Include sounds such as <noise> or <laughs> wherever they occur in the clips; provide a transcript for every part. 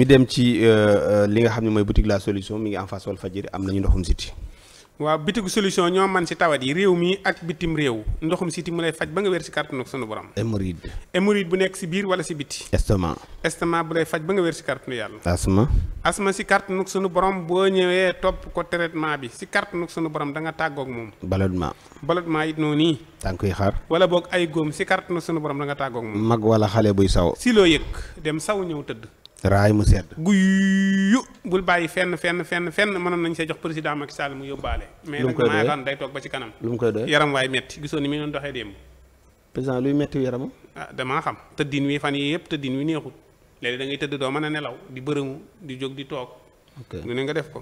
ñu dem ci euh, euh, li nga xam ne mooy boutique la solution mi ngi fa face Walfadjri am nañu ndoxum siti waaw bitigu solution ñoo man si tawat yi réew mi ak bitim réew ndoxum siti mu lay faj ba nga wér si kàttanu ak sunu borom. hémorroïde. hémorroïde bu nekk si biir wala si biti. estomac. estomac bu lay faj ba nga wér si kàttanu yàlla. asma. asma si kàttanu ak sunu borom boo ñëwee topp ko traitement bi si kàttanu ak sunu borom da nga tàggoog moom. ballonnement. ballonnement it noonu nii. tànk yi xaar. wala boog ay góom si kàttanu ak sunu borom da nga tàggoog moom. mag wala xale buy saw. si loo yëg dem saw ñëw tëdd. raay mu sedd. guyu bul bàyyi fenn fenn fenn fenn mënoon nañ see jox président ak Sall mu yóbbaale. mais nag maa xam day toog ba ci kanam. lu mu koy doy yaram waay metti gisoo ni mi ngi doon doxee démb. président luy metti yaramam. ah damaa xam tëddin wi fan yii yëpp tëddin wi neexul léegi da ngay tëdd doo mën a nelaw di bërëmu di jóg di toog. lu ne nga def ko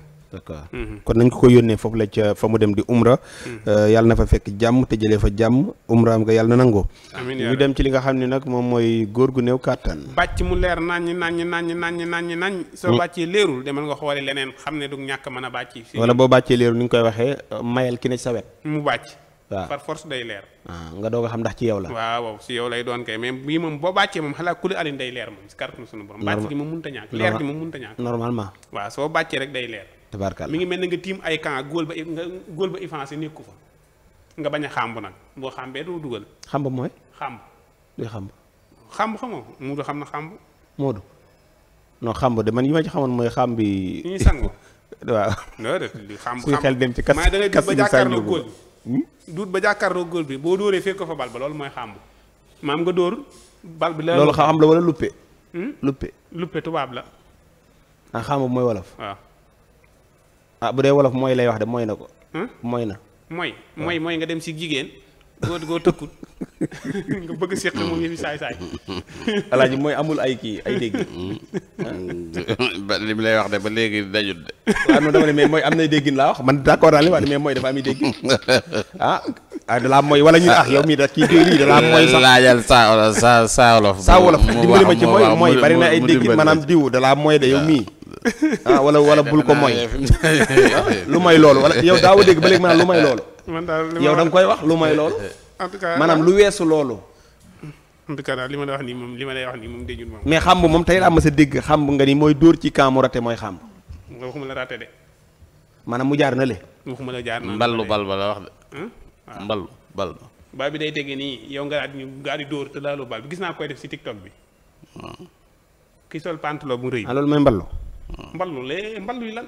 mhm. kon nañ ko ko yónnee foofu la ca fa mu dem di umra mhm. euh, yàlla na fa fekk jàmm te jëlee fa jàmm am nga yàlla na nangoo ñu dem ci li nga xam ne nag moom mooy góor gu néew kàttan bàcc mu leer naññ naññ naññ naññ naññ nañ soo mm. bàccee léerul demal nga xooli leneen xam ne du ñàkk mën a bàcc wala boo bàccee léerul ni ñu koy waxee mayal ki ne sa wet mu bàcc waa par force day leer. Ah, nga doog a xam ndax ci yow la. waaw si yow lay doon kay mais bii moom boo bàccee moom xalaat kuli alin day leer moom si kàttanu sunu borom. bàcc gi moom mënut a ñàkk a ñàkk. normalement. soo bàccee rek day leer. tabaarkalla mi ngi mel ni nga tiim ay camp góol ba nga góol ba ifance nga bañ a xàmb nag boo xàmbee doo dugal. xàmb mooy. xàmb. luy xàmb. xàmb xamoo Moodu xam na xàmb. Moodu non xàmb de man yi ma ci xamoon mooy xàmb bi. ñu sangu. <laughs> waaw. loolu de xàmb xàmb suy xel dem ci kas kas bi Hmm? duut ba jàkkaarloo góor bi boo dóoree fekk ko fa bal ba loolu mooy xàmb maam nga dóor bal bi la loolu xam la wala luppe hmm? luppe luppe tubaab la ah xàmb mooy wolof waaw ah bu dee wolof mooy lay wax de mooy na ko hmm? mooy na mooy mooy mooy nga dem si jigéen goo góor tëkkut <laughs> nga bëgg séq moom yëfi saay saay alaaji mooy amul ay kii ay dégg <laughs> <laughs> ba li lay wax de ba léegi dajut de waaw non dama ne mais mooy am na déggin laa wax man d'accord naa li wax mais mooy dafa am déggin <laughs> ah ah dalaa mooy wala ñu ne ah yow mii da kii déggin dalaa mooy sax laajal sa sa sa wolof sa wolof dimbali ma ci mooy mooy bari na ay déggin maanaam diw dalaa mooy de yow mii ah wala wala bul ko mooy lu mooy loolu wala yow daaw a dégg ba léegi maanaam lu mooy loolu yow da nga koy wax lu mooy loolu en tout cas maanaam lu weesu loolu en tout cas daal li ma lay wax nii moom li ma lay wax nii moom déjul moom mais xamb moom tey laa mas a dégg xamb nga ni mooy dóor ci kaamu rate mooy xamb nga waxuma la raté mu jaar na le. waxuma jaar na mballu bal ba la wax de. Hmm? mballu bal ba. bal bi day tege nii yow nga daal ñu nga di dóor te laaloo bal bi gis naa koy def si tiktok bi. ki sol pantalon bu rëy. ah loolu mooy mballu. mballu lee mballu yi lan.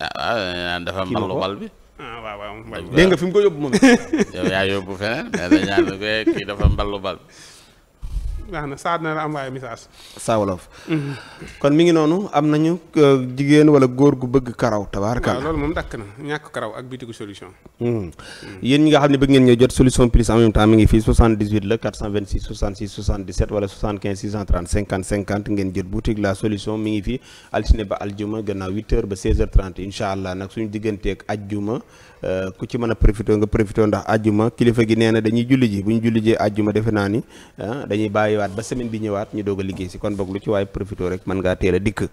ah, ah, ah dafa mballu bal bi. ah fi mu ko yóbbu moom. <laughs> yow yóbbu feneen mais dañu naan kii dafa mballu bal bi. baax na saa dina la envoyé message. saa wolof. kon mi ngi noonu am nañu euh, jigéen wala góor gu bëgg karaw tabaaraka waaw loolu moom dakk na ñàkk karaw ak bitigu solution. Hmm. yéen ñi nga xam ne bëgg ngeen ñëw jot solution plus en même temps mi ngi fii 78 la 426 66 77 wala 75 630 50 50 ngeen jot boutique la solution mi ngi fii altine ba aljuma gannaaw 8h ba 16h30 incha allah nag suñu digganteeg ajjuma. Uh, ku ci mën a profité nga profité ndax ajjuma kilifa gi nee na dañuy julli ji bu ñu julli ji ajjuma defe bàyyiwaat ba semaine bi ñëwaat ñu doog a liggéey si kon boog lu ci waaye profité rek mën ngaa teel dikk